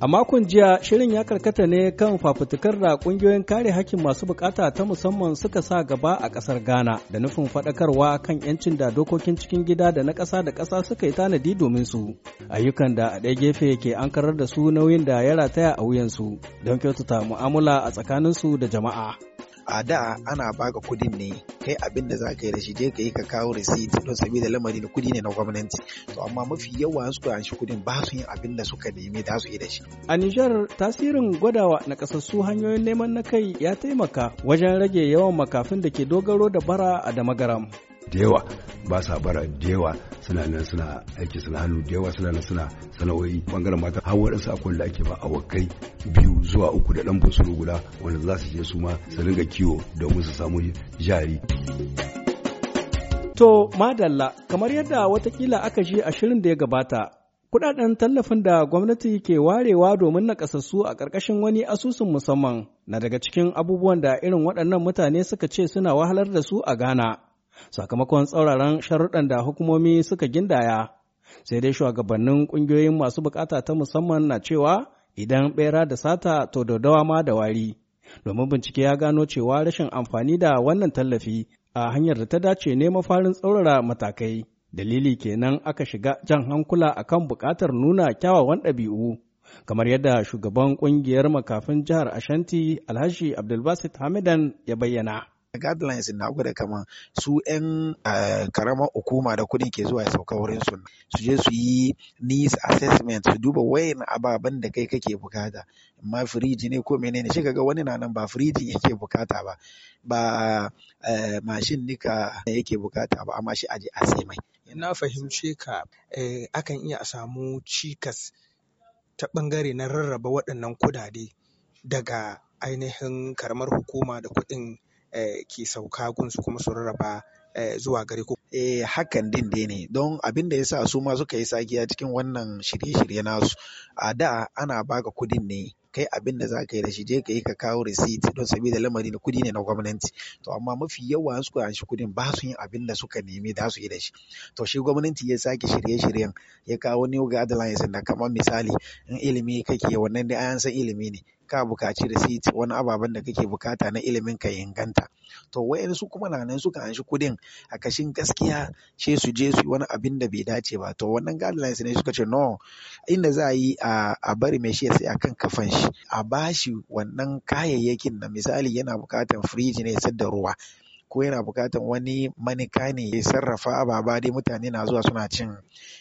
A makon jiya shirin ya karkata ne kan fafutukar da kungiyoyin kare hakkin masu bukata ta musamman suka sa gaba a kasar Ghana da nufin faɗakarwa kan 'yancin da dokokin cikin gida da na ƙasa da ƙasa suka yi tanadi domin su. Ayyukan da a ɗaya gefe ke ankarar da su nauyin da ya rataya a wuyansu don kyautata mu'amala a tsakaninsu da jama'a. a da ana baka kudin ne kai abin da za ka yi da shi je ka yi ka kawo receipt don saboda lamarin kudi ne na gwamnati to amma mafi yawa suka shi kudin ba su yin abin da suka nemi da su yi da shi a Nijar tasirin gwadawa na kasassu hanyoyin neman na kai ya taimaka wajen rage yawan makafin da ke dogaro da bara a damagaram da yawa ba sa bara da yawa suna nan suna aiki suna hannu da yawa suna nan suna sana'o'i bangaren mata har waɗansu akwai da ake ba a wakai biyu zuwa uku da ɗan busuru guda wanda za su je su ma su ringa kiwo domin su samu jari. To madalla kamar yadda watakila aka ji a shirin da ya gabata kudaden tallafin da gwamnati ke warewa domin nakasassu a ƙarƙashin wani asusun musamman na daga cikin abubuwan da irin waɗannan mutane suka ce suna wahalar da su a Ghana. sakamakon tsauraran sharuɗan da hukumomi suka gindaya sai dai shugabannin ƙungiyoyin masu bukata ta musamman na cewa idan bera da sata to dodawa ma da wari domin bincike ya gano cewa rashin amfani da wannan tallafi a hanyar da ta dace ne mafarin tsaurara matakai dalili kenan aka shiga jan hankula akan bukatar nuna kyawawan ɗabi'u kamar yadda shugaban ƙungiyar makafin jihar ashanti alhaji abdulbasit hamidan ya bayyana guidelines na ku da kaman su 'yan eh, karamar hukuma da kuɗi ke zuwa sauka wurin su su je su yi needs assessment su duba wayan ababen da kai kake bukata amma firiji ne ko menene shi kaga wani na nan ba firiji yake bukata ba ba eh, mashin nika yake bukata ba amma shi aje a sai mai na fahimce ka eh, akan iya samu cikas ta bangare na rarraba waɗannan kudade daga ainihin karamar hukuma da kuɗin Eh, ke sauka su kuma su rarraba eh, zuwa gari ko eh hakan din dai ne don abin da yasa su ma suka yi sagiya cikin wannan shirye-shirye nasu a da ana baka kudin ne kai abin da za ka yi da shi je ka yi ka kawo receipt don saboda lamari na kudi ne na gwamnati to amma mafi yawa su ka shi kudin ba su yin abin da suka nemi da su yi da shi to shi gwamnati ya sake shirye-shiryen ya kawo new guidelines da kamar misali in ilimi kake wannan dai an san ilimi ne ka buƙaci receipt wani ababen da kake bukata na ilimin ka ya inganta to wayansu kuma na nan suka anshi kuɗin a kashin gaskiya sai su je su wani abin da bai dace ba to wannan guidelines ne suka ce no inda za a yi a bari mai shi ya sai kan kafan shi a bashi wannan kayayyakin na misali yana bukatan firiji ne ya da ruwa ko yana buƙatan wani manika ne ya sarrafa ababa dai mutane na zuwa suna cin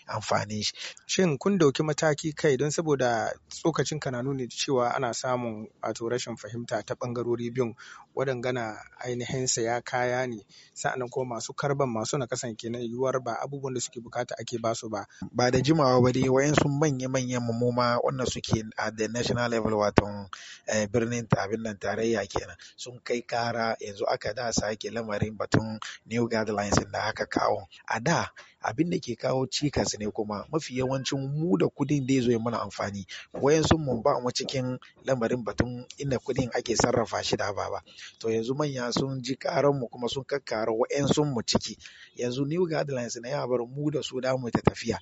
amfani shi. Shin kun dauki mataki kai don saboda tsokacin ka na nuni cewa ana samun wato rashin fahimta ta bangarori biyun waɗangana ainihin saya kaya ne sa'annan ko masu karban masu nakasan kenan yiwuwar ba abubuwan da suke bukata ake basu ba. Ba da jimawa ba dai sun manya-manyan mamoma wannan suke a the national level wato eh, birnin abin nan tarayya kenan sun kai kara yanzu aka da sake lamarin batun new guidelines da aka kawo a da abin da ke kawo cikas ne kuma mafi yawancin mu da kudin da zo mana amfani wayansu mu ba mu cikin lamarin batun inda kudin ake sarrafa shi da ba to yanzu manya sun ji karan mu kuma sun kakkara wayansu mu ciki yanzu new guidelines na ya bar mu da su da mu ta tafiya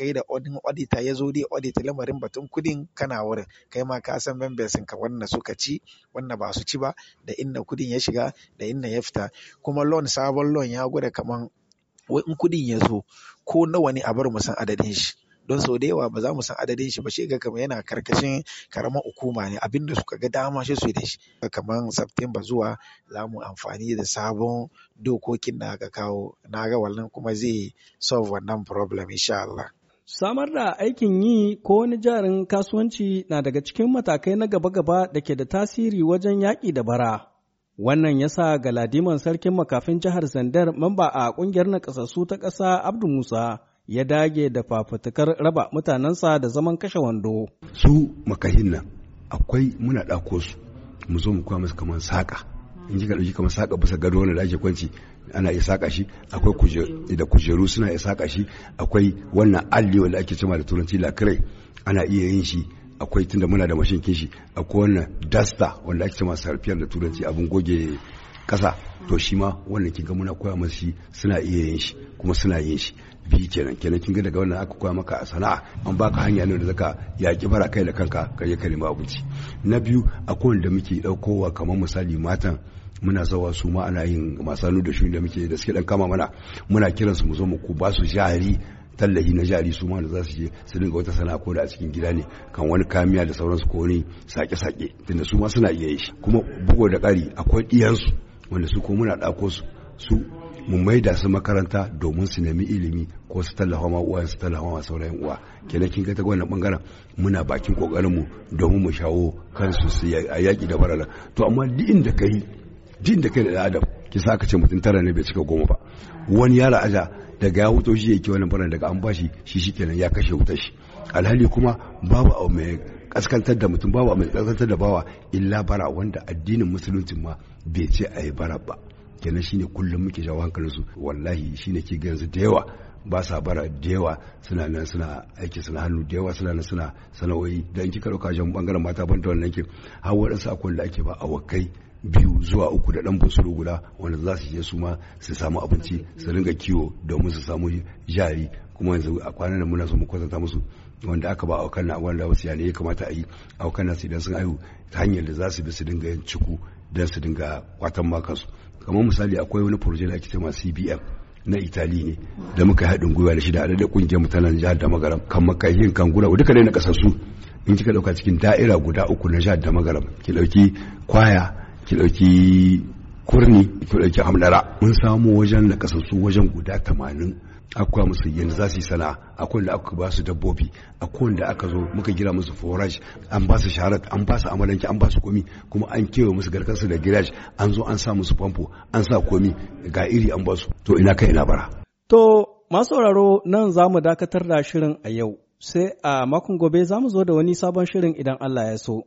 kai da odita ya zo dai odita lamarin batun kudin kana wurin kai ma ka san membersin ka wannan suka ci wannan ba su ci ba da inda kudin ya shiga da inda ya fita kuma loan sabon loan ya gwada kaman wai in kudin ya zo ko nawa ne a bar mu san adadin shi don sau da yawa ba za mu san adadin shi ba shi ga kamar yana karkashin karamar hukuma ne abinda suka ga dama shi su da shi kamar September zuwa za mu amfani da sabon dokokin da aka kawo na ga wannan kuma zai solve wannan problem insha Allah Samar da aikin yi ko wani jarin kasuwanci na daga cikin matakai na gaba-gaba da ke da tasiri wajen yaƙi da bara. Wannan ya sa galadiman sarkin makafin jihar Zandar mamba a ƙungiyar nakasassu ta ƙasa Abdu Musa ya dage da fafutukar raba mutanensa da zaman kashe wando. Su makahin nan akwai muna ɗako su mu zo mu kwa kamar saƙa in ji dauki kamar saƙa bisa gado wanda da ake kwanci ana iya saƙa shi akwai da kujeru suna iya saƙa shi akwai wannan alli da ake cima da turanci lakirai ana iya yin shi akwai tunda muna da mashin kishi akwai wannan dasta wanda ake cima sarfiyar da turanci abin goge kasa to shi ma wannan kin muna koya masu shi suna iya yin shi kuma suna yin shi biyu kenan kenan kin daga wannan aka koya maka a sana'a an baka hanya ne da zaka ki fara kai da kanka ka je ka nemi abinci na biyu akwai wanda muke daukowa kamar misali matan muna zawa su ma ana yin masanu da shuni da muke da suke dan kama mana muna kiran su mu zo mu ku ba su jari tallahi na jari su ma da za su je su dinga wata sana'a ko da a cikin gida ne kan wani kamiya da sauransu ko wani sake-sake tunda su ma suna iya yi shi kuma bugu da ƙari akwai ɗiyansu wanda su ko muna ɗako su su mu maida su makaranta domin su nemi ilimi ko su tallafa ma uwa su tallafa ma sauran uwa kenan kin ga ta wannan bangaren muna bakin kokarin mu domin mu shawo kansu su yaki da barala to amma duk inda kai din da kai da adam ki sa ka ce mutum tara ne bai cika goma ba wani yara aja daga ya wuto shi yake wannan faran daga an bashi shi shikenan ya kashe wutar shi alhali kuma babu abu mai kaskantar da mutum babu mai kaskantar da bawa illa bara wanda addinin musulunci ma bai ce a yi bara ba kenan shine kullum muke jawo hankalin su wallahi shine ke yanzu da yawa ba sa bara da yawa suna nan suna aiki suna hannu da yawa suna nan suna sana'o'i da kika dauka jan bangaren mata ban da wannan ke har waɗansu akwai da ake ba awakai biyu zuwa uku da dan busuru guda wanda za su je su ma su samu abinci su ringa kiwo domin su samu jari kuma yanzu a kwanan nan muna so mu kwatanta musu wanda aka ba aukan na wanda wasu yane ya kamata a yi aukan nasu idan sun aihu ta hanyar da za su bi su dinga yin ciku don su dinga kwatan makansu kamar misali akwai wani proje da ake cewa cbm na itali ne da muka haɗin gwiwa da shi da adadin ƙungiyar mutanen jihar da magaram kan makayin kan gura duka dai na ƙasar su in kika ɗauka cikin da'ira guda uku na jihar da magaram ki ɗauki kwaya ki ɗauki kurni ki ɗauki hamdara mun samu wajen nakasassu wajen guda tamanin akwai musu yanzu za su yi sana'a akwai da aka ba su dabbobi akwai wanda aka zo muka gira musu forage an ba su sharat an ba su amalanki an ba su komi kuma an kewa musu garkarsu da giraj an zo an sa musu famfo an sa komi ga iri an ba su to ina kai ina bara to masu sauraro nan za mu dakatar da shirin a yau sai a makon gobe za mu zo da wani sabon shirin idan Allah ya so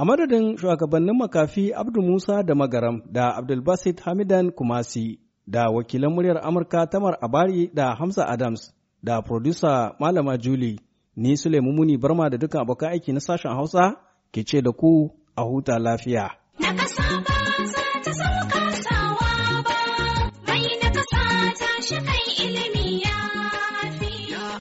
A madadin shugabannin makafi Abdul Musa da Magaram da Abdulbasit Hamidan Kumasi da wakilan muryar Amurka Tamar Abari da Hamza Adams da producer Malama Julie ni Sulaimu Muni Barma da dukkan abokan aiki na sashen Hausa ke ce da ku a huta lafiya.